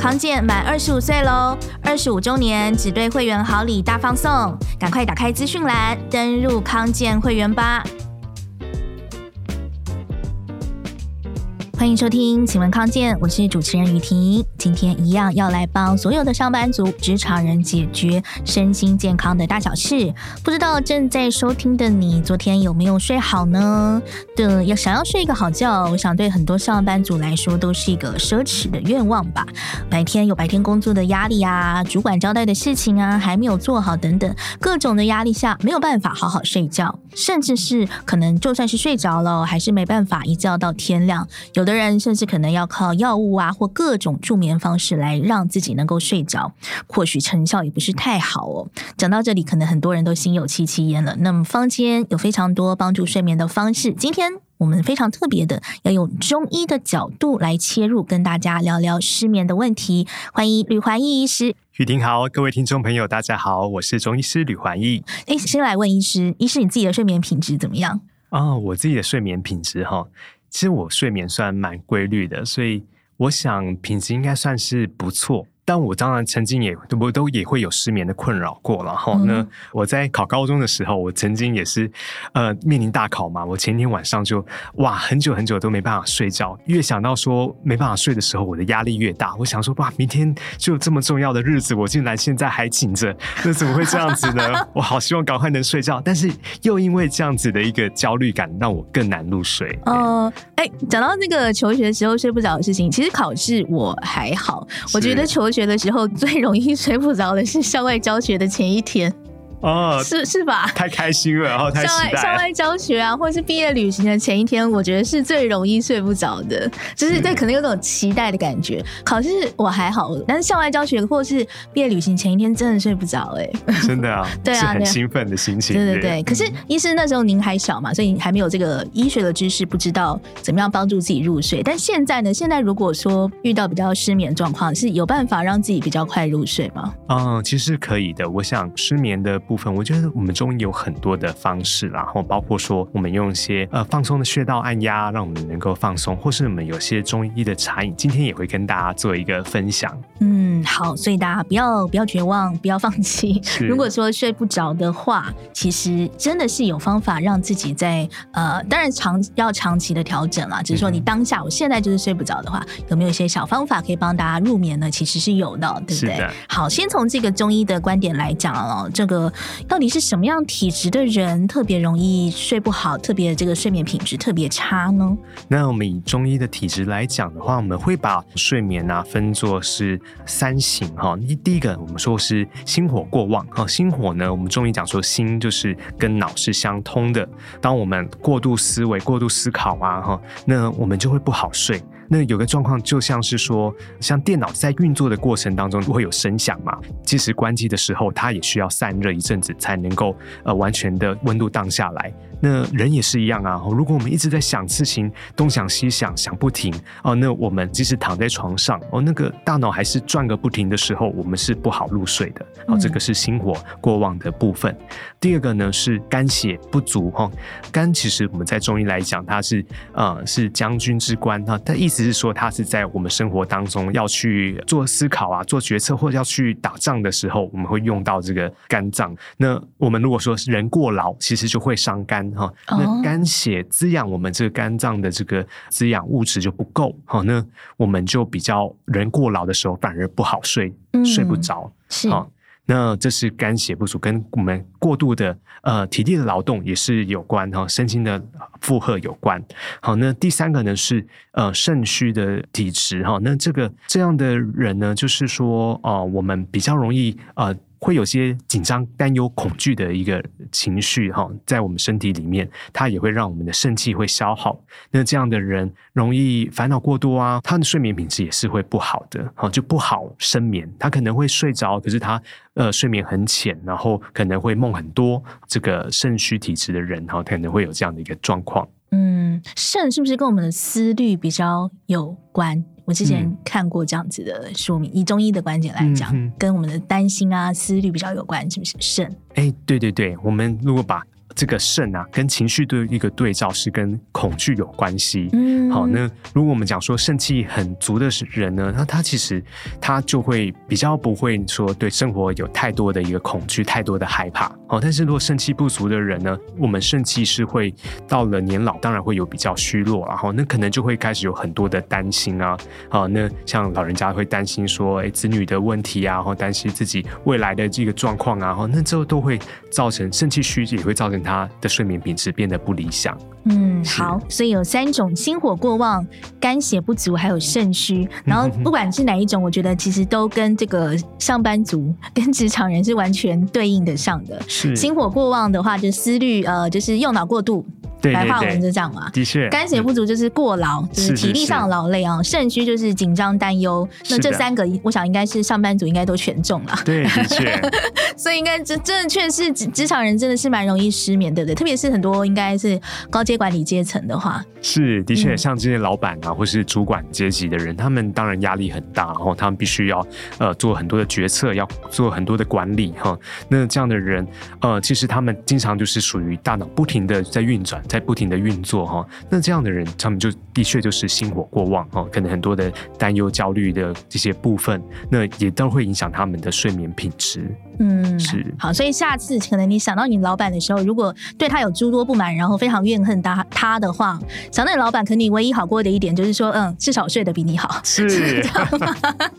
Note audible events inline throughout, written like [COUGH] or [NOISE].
康健滿二十五歲嘍，二十五週年，只對會員好禮大放送，趕快打開資訊欄，登入康健會員吧。歡迎收聽，請問康健，我是主持人雨婷。今天一樣要來幫所有的上班族、職場人解決身心健康的大小事。不知道正在收聽的你，昨天有沒有睡好呢？對，要想要睡一個好覺，我想對很多上班族來說都是一個奢侈的願望吧。白天有白天工作的壓力啊，主管交代的事情啊，還沒有做好等等，各種的壓力下，沒有辦法好好睡覺，甚至是可能就算是睡着了，還是沒辦法一覺到天亮。有的。有人甚至可能要靠藥物啊，或各種助眠方式來讓自己能夠睡着，或許成效也不是太好哦。講到這裡，可能很多人都心有戚戚焉了。那麼，坊間有非常多幫助睡眠的方式，今天我們非常特別的要用中醫的角度來切入，跟大家聊聊失眠的問題。歡迎呂桓毅醫師。雨婷好，各位聽眾朋友，大家好，我是中醫師呂桓毅。哎、欸，先來問醫師，醫師你自己的睡眠品質怎麼樣？啊、哦，我自己的睡眠品質哈。其實我睡眠算蠻規律的，所以我想品質應該算是不錯。但我當然曾經也，我都也會有失眠的困擾過了。哈、嗯，然後呢，我在考高中的時候，我曾經也是，呃，面臨大考嘛。我前一天晚上就哇，很久很久都沒辦法睡覺。越想到說沒辦法睡的時候，我的壓力越大。我想說，哇，明天就這麼重要的日子，我竟然現在還緊着，那怎麼會這樣子呢？ [LAUGHS] 我好希望趕快能睡覺，但是又因為這樣子的一個焦慮感，讓我更難入睡。呃，哎、欸，講到那個求學時候睡不着的事情，其實考試我還好，我覺得求學。學的時候最容易睡不着的是校外教學的前一天。哦，是是吧？太開心了，哦，然後太期待了，校外校外教學啊，或是畢業旅行的前一天，我覺得是最容易睡不着的，就是對是，可能有種期待的感覺。考試我還好，但是校外教學或是畢業旅行前一天真的睡不着，哎，真的啊， [LAUGHS] 對啊，是很興奮的心情。對，啊對，啊，對對，對，嗯。可是醫師那時候您還小嘛，所以你還沒有這個醫學的知識，不知道怎麼樣幫助自己入睡。但現在呢，現在如果說遇到比較失眠狀況，是有辦法讓自己比較快入睡嗎？嗯，其實可以的。我想失眠的。部分我覺得我們中醫有很多的方式，然後包括說我們用一些呃放鬆的穴道按壓，讓我們能夠放鬆，或是我們有些中醫的茶飲，今天也會跟大家做一個分享。嗯，好，所以大家不要不要絕望，不要放棄。如果說睡不着的話，其實真的是有方法讓自己在呃，當然長要長期的調整了。只是說你當下，我現在就是睡不着的話，有、嗯、沒有一些小方法可以幫大家入眠呢？其實是有的、哦，對不對？好，先從這個中醫的觀點來講哦，這個。到底是什麼樣體質的人特別容易睡不好，特別這個睡眠品質特別差呢？那我們以中醫的體質來講的話，我們會把睡眠啊分作是三型哈。第一個我們說是心火過旺哈，心火呢我們中醫講說心就是跟腦是相通的，當我們過度思維、過度思考啊哈，那我們就會不好睡。那有個狀況，就像是說，像電腦在運作的過程當中會有聲響嘛，即使關機的時候，它也需要散熱一陣子，才能夠呃完全的溫度降下來。那人也是一樣啊，如果我們一直在想事情，東想西想，想不停哦，那我們即使躺在床上哦，那個大腦還是轉個不停的時候，我們是不好入睡的。好，嗯，哦，這個是心火過旺的部分。第二個呢是肝血不足哈，肝其實我們在中醫來講，它是呃是將軍之官啊，它意思是說它是在我們生活當中要去做思考啊，做決策或者要去打仗的時候，我們會用到這個肝臟。那我們如果說是人過勞，其實就會傷肝。哈、哦，那肝血滋養我們這個肝臟的這個滋養物質就不夠，那我們就比較人過勞的時候反而不好睡，嗯、睡不着，好、哦，那這是肝血不足，跟我們過度的呃體力的勞動也是有關哈、哦，身心的負荷有關。好，那第三個呢是呃腎虛的體質，哈、哦，那這個這樣的人呢，就是說啊、呃，我們比較容易啊。呃會有些緊張、擔憂、恐懼的一個情緒哈，在我們身體裡面，它也會讓我們的腎氣會消耗。那這樣的人容易煩惱過多啊，他的睡眠品質也是會不好的哈，就不好深眠。他可能會睡着，可是他呃睡眠很淺，然後可能會夢很多。這個腎虛體質的人哈，他可能會有這樣的一個狀況。嗯，腎是不是跟我們的思慮比較有關？我們之前看過這樣子的說明，嗯，以中醫的觀點來講，嗯，跟我們的擔心啊、思慮比較有關，是不是腎？哎、欸，對對對，我們如果把這個腎啊，跟情緒的一個對照是跟恐懼有關係。嗯，好，那如果我們講說腎氣很足的人呢，那他其實他就會比較不會說對生活有太多的一個恐懼，太多的害怕。好，但是如果腎氣不足的人呢，我們腎氣是會到了年老，當然會有比較虛弱，啊，然後那可能就會開始有很多的擔心啊，好，那像老人家會擔心說，哎，子女的問題啊，或擔心自己未來的這個狀況啊，那這都會造成腎氣虛，也會造成。他的睡眠品質變得不理想。嗯，好，所以有三種：心火過旺、肝血不足，還有腎虛。然後不管是哪一種， [LAUGHS] 我覺得其實都跟這個上班族、跟職場人是完全對應得上的。是心火過旺的話，就思慮呃，就是用腦過度，對對對，白話文就這樣嘛。的確，肝血不足就是過勞，就是體力上勞累啊。腎虛就是緊張、擔憂。那這三個，我想應該是上班族應該都全中了。對，的確。 [LAUGHS] 所以應該這，真的確是職職場人真的是蠻容易失。失眠對不對，對？特別是很多應該是高階管理階層的話，是的確、嗯，像這些老闆啊，或是主管階級的人，他們當然壓力很大，然後他們必須要呃做很多的決策，要做很多的管理哈。那這樣的人呃，其實他們經常就是屬於大腦不停的在運轉，在不停的運作哈。那這樣的人，他們就的確就是心火過旺哈，可能很多的擔憂、焦慮的這些部分，那也都會影響他們的睡眠品質。嗯，好，所以下次可能你想到你老闆的時候，如果對他有諸多不滿，然後非常怨恨他他的話，想到你老闆，可能你唯一好過的一點就是說，嗯，至少睡得比你好。是。這樣嗎？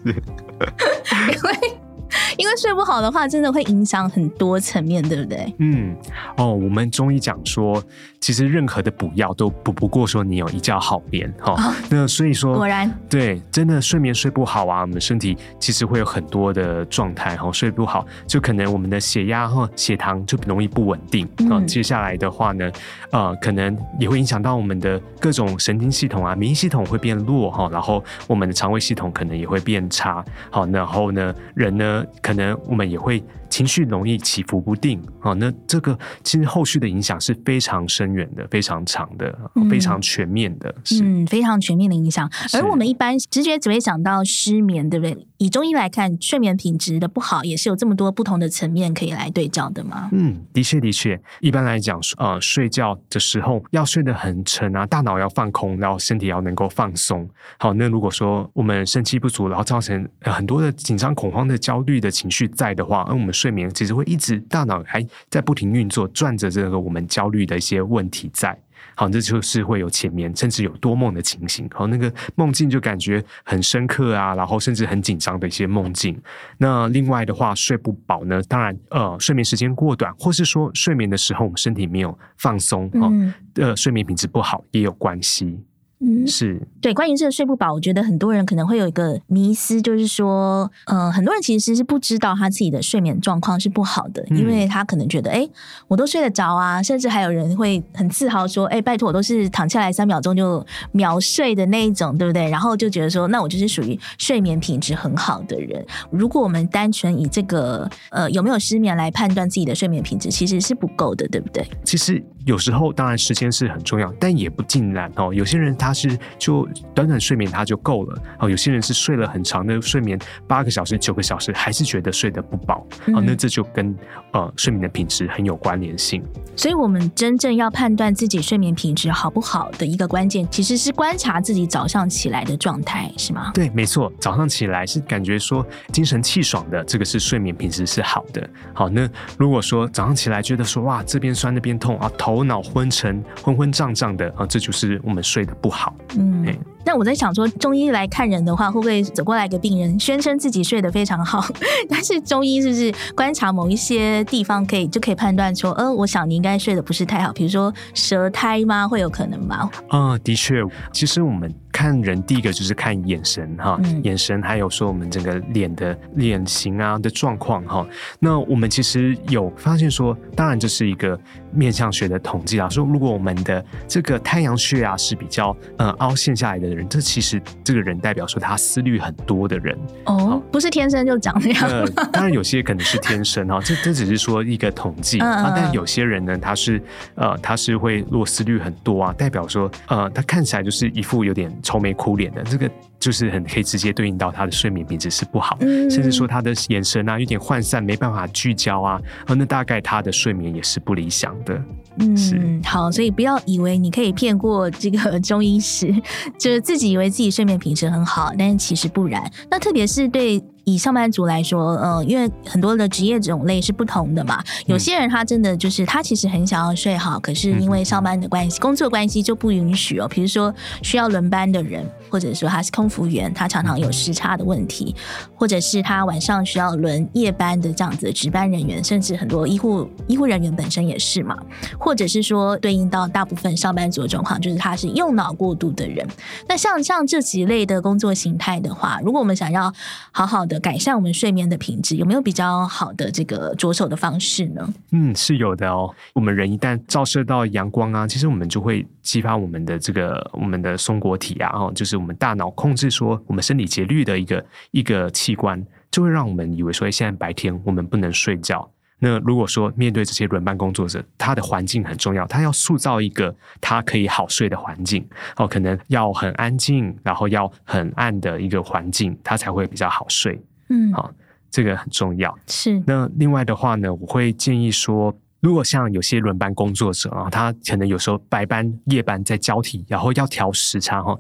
[LAUGHS] [LAUGHS] [LAUGHS] 因為睡不好的話，真的會影響很多層面，對不對？嗯，哦，我們中醫講說，其實任何的補藥都補不，不過說你有一覺好眠哈、哦哦。那所以說，果然對，真的睡眠睡不好啊，我們身體其實會有很多的狀態哈、哦。睡不好，就可能我們的血壓和、哦、血糖就容易不穩定啊、嗯哦。接下來的話呢，呃，可能也會影響到我們的各種神經系統啊、免疫系統會變弱哈、哦。然後我們的腸胃系統可能也會變差。好、哦，然後呢，人呢？可能我們也會。情緒容易起伏不定，好、哦，那這個其實後續的影響是非常深遠的、非常長的、嗯、非常全面的，嗯，非常全面的影響。而我們一般直覺只會想到失眠，對不對？以中醫來看，睡眠品質的不好也是有這麼多不同的層面可以來對照的嗎？嗯，的確的確，一般來講，呃，睡覺的時候要睡得很沉啊，大腦要放空，然後身體要能夠放鬆。好，那如果說我們腎氣不足，然後造成很多的緊張、恐慌的焦慮的情緒在的話，而、嗯、我們。睡眠其實會一直，大腦還在不停運作，轉着這個我們焦慮的一些問題在。好，這就是會有淺眠，甚至有多夢的情形。好，那個夢境就感覺很深刻啊，然後甚至很緊張的一些夢境。那另外的話，睡不飽呢，當然呃，睡眠時間過短，或是說睡眠的時候我們身體沒有放鬆，嗯，呃，睡眠品質不好也有關係。嗯，是對。關於這個睡不飽，我覺得很多人可能會有一個迷思，就是說，嗯、呃，很多人其實是不知道他自己的睡眠狀況是不好的、嗯，因為他可能覺得，哎、欸，我都睡得着啊。甚至還有人會很自豪說，哎、欸，拜託，我都是躺下來三秒鐘就秒睡的那一種，對不對？然後就覺得說，那我就是屬於睡眠品質很好的人。如果我們單純以這個呃有沒有失眠來判斷自己的睡眠品質，其實是不夠的，對不對？其實。有時候當然時間是很重要，但也不盡然哦。有些人他是就短短睡眠他就夠了哦，有些人是睡了很長的睡眠，八個小時、九個小時還是覺得睡得不飽啊、嗯哦。那這就跟呃睡眠的品質很有關聯性。所以我們真正要判斷自己睡眠品質好不好的一個關鍵，其實是觀察自己早上起來的狀態，是嗎？對，沒錯。早上起來是感覺說精神氣爽的，這個是睡眠品質是好的。好，那如果說早上起來覺得說哇這邊酸那邊痛啊，頭。頭腦昏沉、昏昏脹脹的啊，這就是我們睡得不好。嗯，那我在想說，中醫來看人的話，會不會走過來一個病人，宣稱自己睡得非常好，但是中醫是不是觀察某一些地方可以就可以判斷說，呃，我想你應該睡得不是太好，比如說舌苔嗎？會有可能嗎？啊、嗯，的確，其實我們看人第一個就是看眼神哈、啊嗯，眼神還有說我們整個臉的臉型啊的狀況哈、啊。那我們其實有發現說，當然這是一個。面相學的統計啊，說如果我們的這個太陽穴啊是比較呃、嗯、凹陷下來的人，這其實這個人代表說他思慮很多的人。oh, 哦，不是天生就長這樣？呃。當然有些可能是天生哈、哦， [LAUGHS] 這這只是說一個統計 [LAUGHS] 啊，但有些人呢，他是呃他是會落思慮很多啊，代表說呃他看起來就是一副有點愁眉苦臉的這個。就是很可以直接對應到他的睡眠品質是不好，嗯、甚至說他的眼神啊有點渙散，沒辦法聚焦啊，啊，那大概他的睡眠也是不理想的。嗯，是，好，所以不要以為你可以騙過這個中醫師，就是自己以為自己睡眠品質很好，但是其實不然。那特別是對以上班族來說，嗯、呃，因為很多的職業種類是不同的嘛，有些人他真的就是、嗯、他其實很想要睡好，可是因為上班的關係、嗯、工作關係就不允許哦。比如說需要輪班的人。或者說他是空服員，他常常有時差的問題，或者是他晚上需要輪夜班的這樣子的值班人員，甚至很多醫護醫護人員本身也是嘛，或者是說對應到大部分上班族的狀況，就是他是用腦過度的人。那像像這幾類的工作形態的話，如果我們想要好好的改善我們睡眠的品質，有沒有比較好的這個着手的方式呢？嗯，是有的哦。我們人一旦照射到陽光啊，其實我們就會激發我們的這個我們的松果體啊，哦，就是。我們大腦控制說我們生理節律的一個一個器官，就會讓我們以為說現在白天我們不能睡覺。那如果說面對這些輪班工作者，他的環境很重要，他要塑造一個他可以好睡的環境。哦，可能要很安靜，然後要很暗的一個環境，他才會比較好睡。嗯，好，哦，這個很重要。是。那另外的話呢，我會建議說。如果像有些輪班工作者啊，他可能有時候白班、夜班在交替，然後要調時差哈，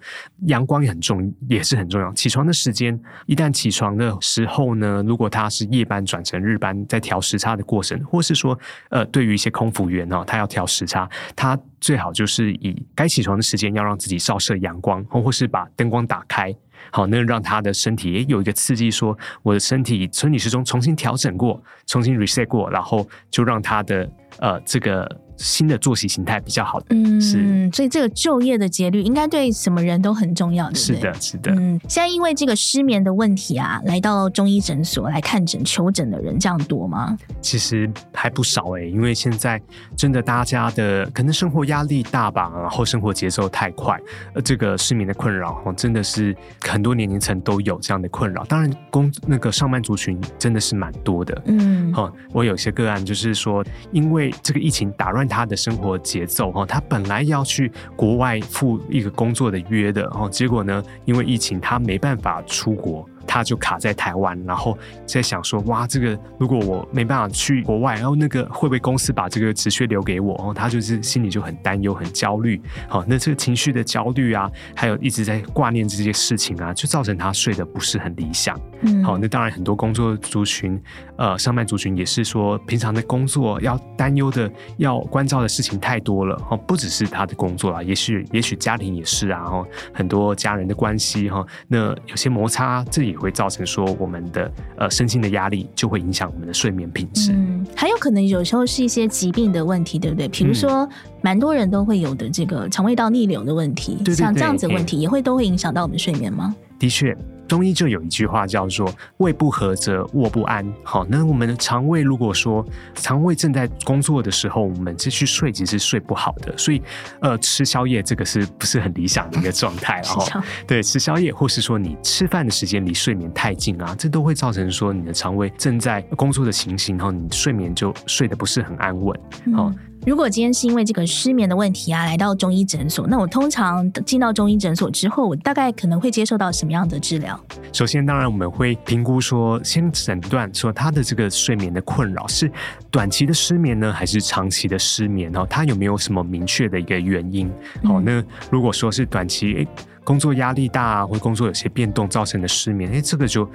陽光也很重，也是很重要。起床的時間，一旦起床的時候呢，如果他是夜班轉成日班，在調時差的過程，或是說呃，對於一些空服員哦，他要調時差，他最好就是以該起床的時間，要讓自己照射陽光，或或是把燈光打開。好，那讓他的身體也有一個刺激，說我的身體生理時鐘重新調整過，重新 reset 過，然後就讓他的呃這個。新的作息形態比較好的，嗯，是，所以這個晝夜的節律應該對什麼人都很重要對對。是的，是的。嗯，現在因為這個失眠的問題啊，來到中醫診所來看診、求診的人這樣多嗎？其實還不少哎、欸，因為現在真的大家的可能生活壓力大吧，然後生活節奏太快，呃，這個失眠的困擾哈，真的是很多年齡層都有這樣的困擾。當然工，工那個上班族群真的是蠻多的。嗯，好，我有些個案就是說，因為這個疫情打亂。他的生活節奏哦，他本來要去國外赴一個工作的約的哦，結果呢，因為疫情他沒辦法出國。他就卡在台灣，然後在想說，哇，這個如果我沒辦法去國外，然後那個會不會公司把這個職缺留給我？哦，他就是心裡就很擔憂、很焦慮。好、哦，那這個情緒的焦慮啊，還有一直在掛念這些事情啊，就造成他睡得不是很理想。嗯，好、哦，那當然很多工作族群，呃，上班族群也是說，平常的工作要擔憂的、要關照的事情太多了。哦，不只是他的工作啊，也許也許家庭也是啊。哦，很多家人的關係哈、哦，那有些摩擦這、啊。己。也會造成說我們的呃身心的壓力，就會影響我們的睡眠品質。嗯，還有可能有時候是一些疾病的問題，對不對？比如說，蠻多人都會有的這個腸胃道逆流的問題，嗯、對對對，像這樣子的問題，也會、嗯、都會影響到我們睡眠嗎？的確。中醫就有一句話叫做“胃不和則臥不安”。好，那我們的腸胃如果說腸胃正在工作的時候，我們這去睡，其實睡不好的。所以，呃，吃宵夜這個是不是很理想的一個狀態？哦、嗯，對，吃宵夜，或是說你吃飯的時間離睡眠太近啊，這都會造成說你的腸胃正在工作的情形，然後你睡眠就睡得不是很安穩。好、嗯。如果今天是因為這個失眠的問題啊，來到中醫診所，那我通常進到中醫診所之後，我大概可能會接受到什麼樣的治療？首先，當然我們會評估說，先診斷說他的這個睡眠的困擾是短期的失眠呢，還是長期的失眠哦？他有沒有什麼明確的一個原因？嗯。好，那如果說是短期，欸工作壓力大、啊、或工作有些變動造成的失眠，哎、欸，這個就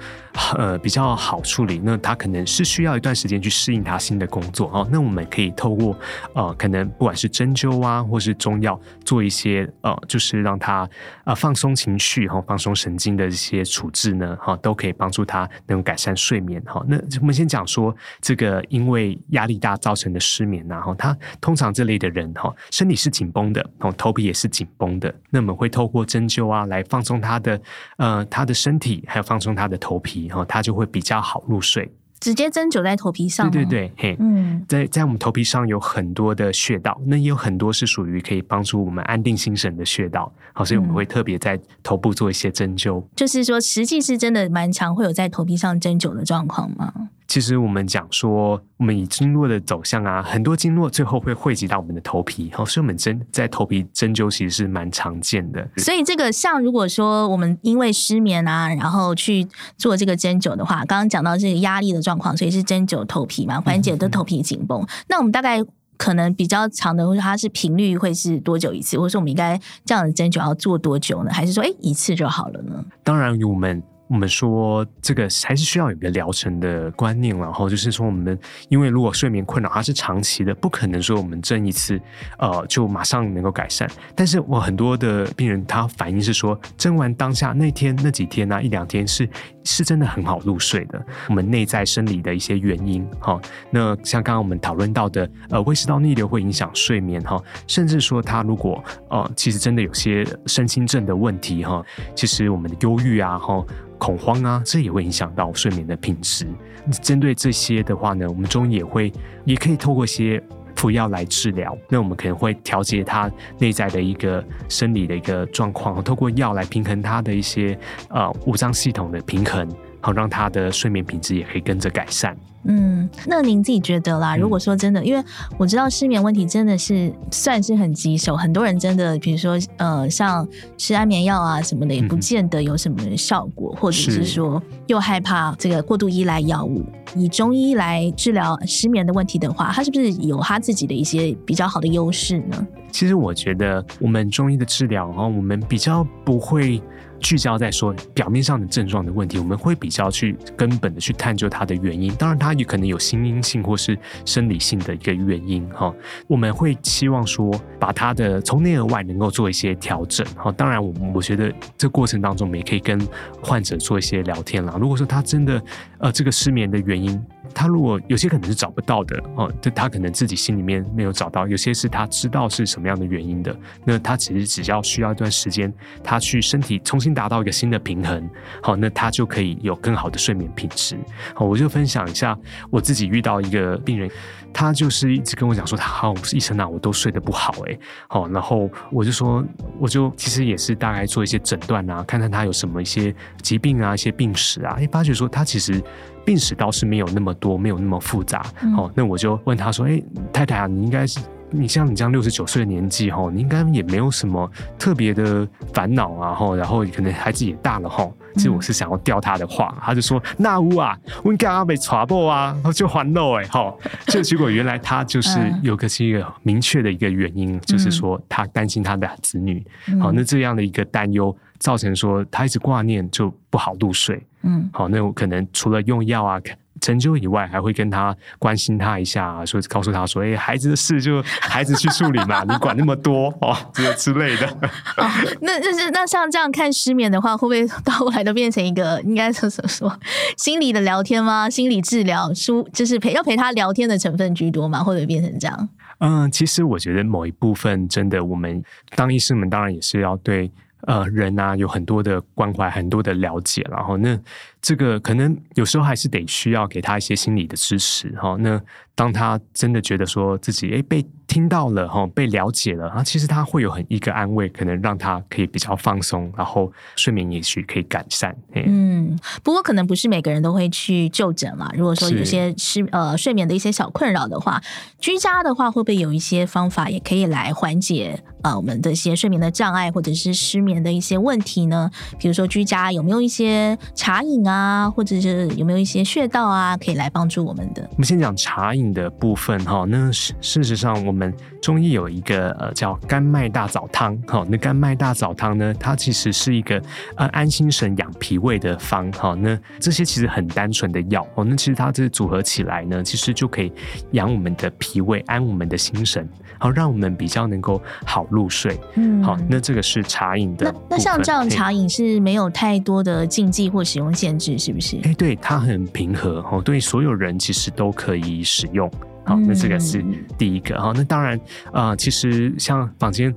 呃比較好處理。那他可能是需要一段時間去適應他新的工作哦。那我們可以透過呃，可能不管是針灸啊，或是中藥，做一些呃，就是讓他、呃、放鬆情緒、哦、放鬆神經的一些處置呢，哈、哦，都可以幫助他能改善睡眠哈、哦。那我們先講說這個因為壓力大造成的失眠、啊哦，他通常這類的人哈、哦，身體是緊繃的，哦，頭皮也是緊繃的。那我們會透過針灸。就啊，來放鬆他的呃，他的身體，還有放鬆他的頭皮，然後他就會比較好入睡。直接針灸在頭皮上，對對對，嘿，嗯，在在我們頭皮上有很多的穴道，那也有很多是屬於可以幫助我們安定心神的穴道，好、哦，所以我們會特別在頭部做一些針灸、嗯。就是說，實際是真的蠻常會有在頭皮上針灸的狀況嗎？其實我們講說，我們以經絡的走向啊，很多經絡最後會匯集到我們的頭皮，好、哦，所以我們針在頭皮針灸其實是蠻常見的。所以這個像如果說我們因為失眠啊，然後去做這個針灸的話，剛剛講到這個壓力的狀況，所以是針灸頭皮嘛，緩解的頭皮緊繃。嗯、那我們大概可能比較長的，或者說它是頻率會是多久一次，或者說我們應該這樣的針灸要做多久呢？還是說，哎，一次就好了呢？當然，我們。我們說這個還是需要有一個療程的觀念，然後就是說我們，因為如果睡眠困擾它是長期的，不可能說我們針一次，呃，就馬上能夠改善。但是我很多的病人他反應是說，針完當下那天那幾天那、啊、一兩天是。是真的很好入睡的。我們內在生理的一些原因哈。那像剛剛我們討論到的，呃，胃食道逆流會影響睡眠哈，甚至說他如果呃，其實真的有些身心症的問題哈，其實我們的憂鬱啊哈、恐慌啊，這也會影響到睡眠的品質。針對這些的話呢，我們中醫也會也可以透過一些。服藥來治療，那我們可能會調節他內在的一個生理的一個狀況，透過藥來平衡他的一些呃五臟系統的平衡。好，讓他的睡眠品質也可以跟着改善。嗯，那您自己覺得啦、嗯？如果說真的，因為我知道失眠問題真的是算是很棘手，很多人真的，比如說呃，像吃安眠藥啊什麼的，也不見得有什麼效果、嗯，或者是說又害怕這個過度依賴藥物。以中醫來治療失眠的問題的話，它是不是有他自己的一些比較好的優勢呢？其實我覺得，我們中醫的治療啊，我們比較不會。聚焦在說表面上的症狀的問題，我們會比較去根本的去探究它的原因。當然，它也可能有心因性或是生理性的一個原因哈。我們會希望說，把它的從內而外能夠做一些調整哈。當然，我我覺得這過程當中，我們也可以跟患者做一些聊天啦。如果說他真的，呃，這個失眠的原因。他如果有些可能是找不到的哦，就他可能自己心裡面沒有找到，有些是他知道是什麼樣的原因的，那他其實只要需要一段時間，他去身體重新達到一個新的平衡，好、哦，那他就可以有更好的睡眠品質。好，我就分享一下我自己遇到一個病人，他就是一直跟我講說，他好，我是醫生啊，我都睡得不好、欸，誒。好，然後我就說，我就其實也是大概做一些診斷啊，看看他有什麼一些疾病啊，一些病史啊，哎、欸，發覺說他其實。病史倒是沒有那麼多，沒有那麼複雜。好、嗯喔，那我就問他說：“哎、欸，太太啊，你應該是，你像你這樣六十九歲的年紀，哈，你應該也沒有什麼特別的煩惱啊，然後可能孩子也大了，哈。其實我是想要釣他的話、嗯，他就說：那屋啊，我干阿被查破啊，我 [LAUGHS] 就還漏哎，哈。這結果原來他就是有個是一個明確的一個原因，嗯、就是說他擔心他的子女。好、嗯喔，那這樣的一個擔憂。”造成說他一直掛念就不好入睡，嗯，好、哦，那我可能除了用藥啊、針灸以外，還會跟他關心他一下、啊，說告訴他說，哎、欸，孩子的事就孩子去處理嘛， [LAUGHS] 你管那麼多哦，之 [LAUGHS] 之類的。哦、那那、就是那像這樣看失眠的話，會不會到後來都變成一個應該是說，說心理的聊天嗎？心理治療、就是陪要陪他聊天的成分居多嘛，或者變成這樣？嗯，其實我覺得某一部分真的，我們當醫生們當然也是要對。呃，人啊，有很多的關懷，很多的了解，然後那。這個可能有時候還是得需要給他一些心理的支持哈。那當他真的覺得說自己哎被聽到了哈，被了解了啊，其實他會有很一個安慰，可能讓他可以比較放鬆，然後睡眠也許可以改善。嗯，不過可能不是每個人都會去就診嘛。如果說有些失呃睡眠的一些小困擾的話，居家的話會不會有一些方法也可以來緩解？呃，我們的一些睡眠的障礙或者是失眠的一些問題呢？比如說居家有沒有一些茶飲啊？啊，或者是有沒有一些穴道啊，可以來幫助我們的？我們先講茶飲的部分哈。那事實上，我們中醫有一個呃叫甘麥大棗湯哈。那甘麥大棗湯呢，它其實是一個呃安心神、養脾胃的方哈。那這些其實很單純的藥哦。那其實它這組合起來呢，其實就可以養我們的脾胃，安我們的心神，好，讓我們比較能夠好入睡。嗯，好，那這個是茶飲的。那那像這樣茶飲是沒有太多的禁忌或使用限，是不是？哎、欸，對，它很平和哦，對所有人其實都可以使用。好、哦，那這個是第一個哈、嗯哦。那當然啊、呃，其實像坊間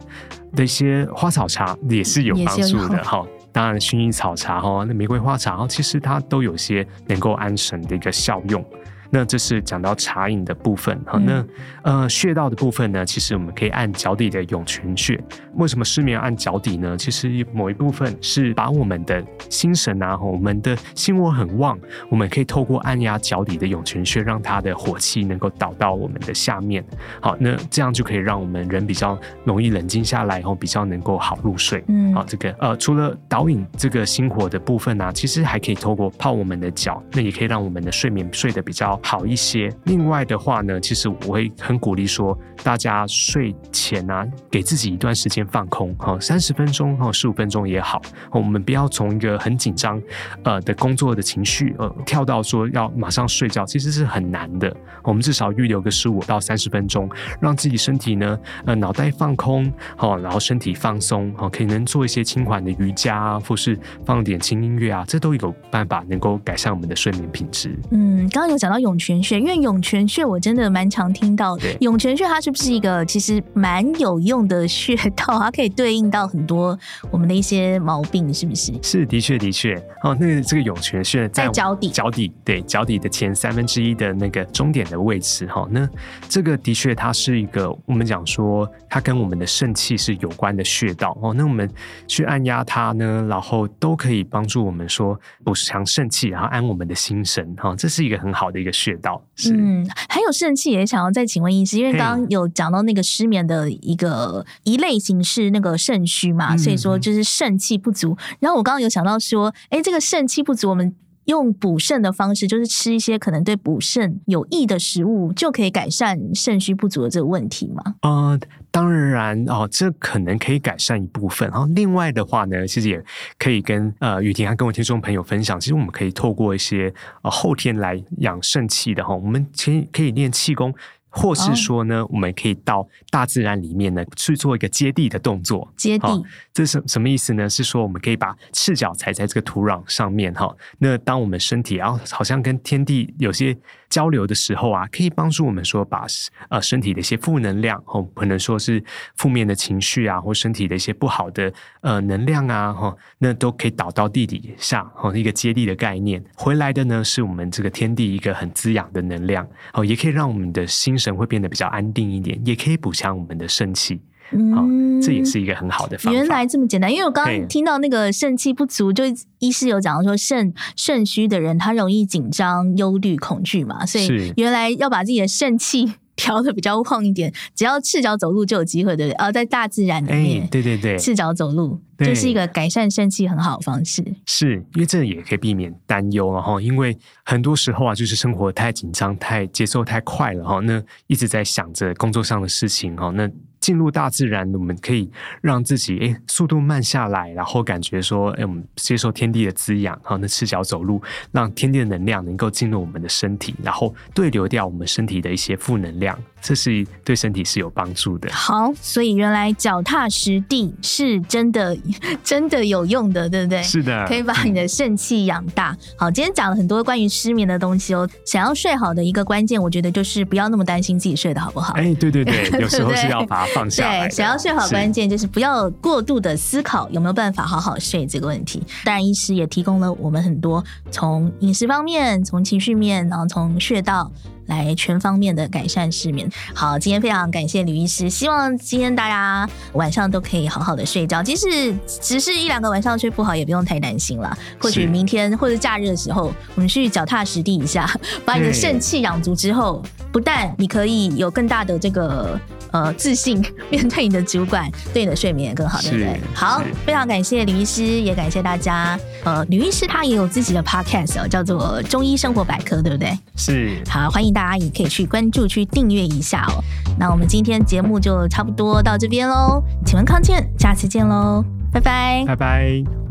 的一些花草茶也是有幫助的哈、哦。當然，薰衣草茶哈、哦，那玫瑰花茶啊、哦，其實它都有些能夠安神的一個效用。那這是講到茶飲的部分，好、嗯，那呃穴道的部分呢？其實我們可以按腳底的湧泉穴。為什麼失眠按腳底呢？其實某一部分是把我們的心神啊，我們的心火很旺，我們可以透過按壓腳底的湧泉穴，讓它的火氣能夠導到我們的下面。好，那這樣就可以讓我們人比較容易冷靜下來，然後比較能夠好入睡。嗯，好，這個呃，除了導引這個心火的部分啊，其實還可以透過泡我們的腳，那也可以讓我們的睡眠睡得比較。好一些。另外的話呢，其實我會很鼓勵說，大家睡前啊，給自己一段時間放空哈，三十分鐘哦、十五分鐘也好、哦，我們不要從一個很緊張呃的工作的情緒呃跳到說要馬上睡覺，其實是很難的。哦、我們至少預留個十五到三十分鐘，讓自己身體呢呃腦袋放空哈、哦，然後身體放鬆哈、哦，可以能做一些輕緩的瑜伽啊，或是放點輕音樂啊，這都有辦法能夠改善我們的睡眠品質。嗯，剛剛有講到有，湧泉穴，因為湧泉穴我真的蠻常聽到的。湧泉穴它是不是一個其實蠻有用的穴道？它可以對應到很多我們的一些毛病，是不是？是的確的確哦，那個、哦。那這個湧泉穴在腳底，腳底對腳底的前三分之一的那個終點的位置哈。那這個的確它是一個我們講說它跟我們的腎氣是有關的穴道哦。那我們去按壓它呢，然後都可以幫助我們說補強腎氣，然後安我們的心神哈、哦。這是一個很好的一個穴道。穴道，嗯，還有腎氣，也想要再請問醫師，因為剛剛有講到那個失眠的一個一類型是那個腎虛嘛，所以說就是腎氣不足，嗯。然後我剛剛有想到說，哎、欸，這個腎氣不足，我們。用補腎的方式，就是吃一些可能對補腎有益的食物，就可以改善腎虛不足的這個問題嗎？啊、呃，當然哦，這可能可以改善一部分。然後，另外的話呢，其實也可以跟呃雨婷和跟我聽眾朋友分享，其實我們可以透過一些，呃、後天來養腎氣的哈、哦，我們其實可以練氣功。或是說呢，我們可以到大自然裡面呢去做一個接地的動作。接地、哦，這是什麼意思呢？是說我們可以把赤腳踩在這個土壤上面哈、哦。那當我們身體啊、哦，好像跟天地有些交流的時候啊，可以幫助我們說把呃身體的一些負能量，哈、哦，可能說是負面的情緒啊，或身體的一些不好的呃能量啊、哦，那都可以導到地底下、哦，一個接地的概念。回來的呢，是我們這個天地一個很滋養的能量，哦，也可以讓我們的心。神會變得比較安定一點，也可以補強我們的腎氣。好，嗯，哦，這也是一個很好的方法。原來這麼簡單，因為我剛剛聽到那個腎氣不足，就醫師有講到說，腎腎虛的人他容易緊張、憂慮、恐懼嘛，所以原來要把自己的腎氣。調的比較旺一點，只要赤腳走路就有機會，對不對？呃、啊，在大自然裡面，欸、對對對，赤腳走路，對，就是一個改善腎氣很好的方式。是，因為這也可以避免擔憂、啊，然後因為很多時候啊，就是生活太緊張、太節奏太快了哈，那一直在想着工作上的事情哈，那。進入大自然，我們可以讓自己哎速度慢下來，然後感覺說哎我們接受天地的滋養，好，那赤腳走路，讓天地的能量能夠進入我們的身體，然後對流掉我們身體的一些負能量，這是對身體是有幫助的。好，所以原來腳踏實地是真的真的有用的，對不對？是的，可以把你的腎氣養大。好，今天講了很多關於失眠的東西哦，想要睡好的一個關鍵，我覺得就是不要那麼擔心自己睡得好不好。哎，對對對，有時候是要把。 [LAUGHS] 對，想要睡好，關鍵就是不要過度的思考有沒有辦法好好睡這個問題。當然，醫師也提供了我們很多從飲食方面、從情緒面，然後從穴道。來全方面的改善失眠。好，今天非常感謝呂醫師，希望今天大家晚上都可以好好的睡覺。即使只是一兩個晚上睡不好，也不用太擔心了。或許明天或者假日的時候，我們去腳踏實地一下，把你的腎氣養足之後，不但你可以有更大的這個呃，自信，面對你的主管，對你的睡眠也更好，對不對？好，非常感謝呂醫師，也感謝大家。呃，呂醫師他也有自己的 podcast 哦，叫做《中醫生活百科》，對不對？是。好，歡迎大。大家也可以去關注、去訂閱一下哦、喔。那我們今天節目就差不多到這邊嘍，請問康健，下次見嘍，拜拜，拜拜。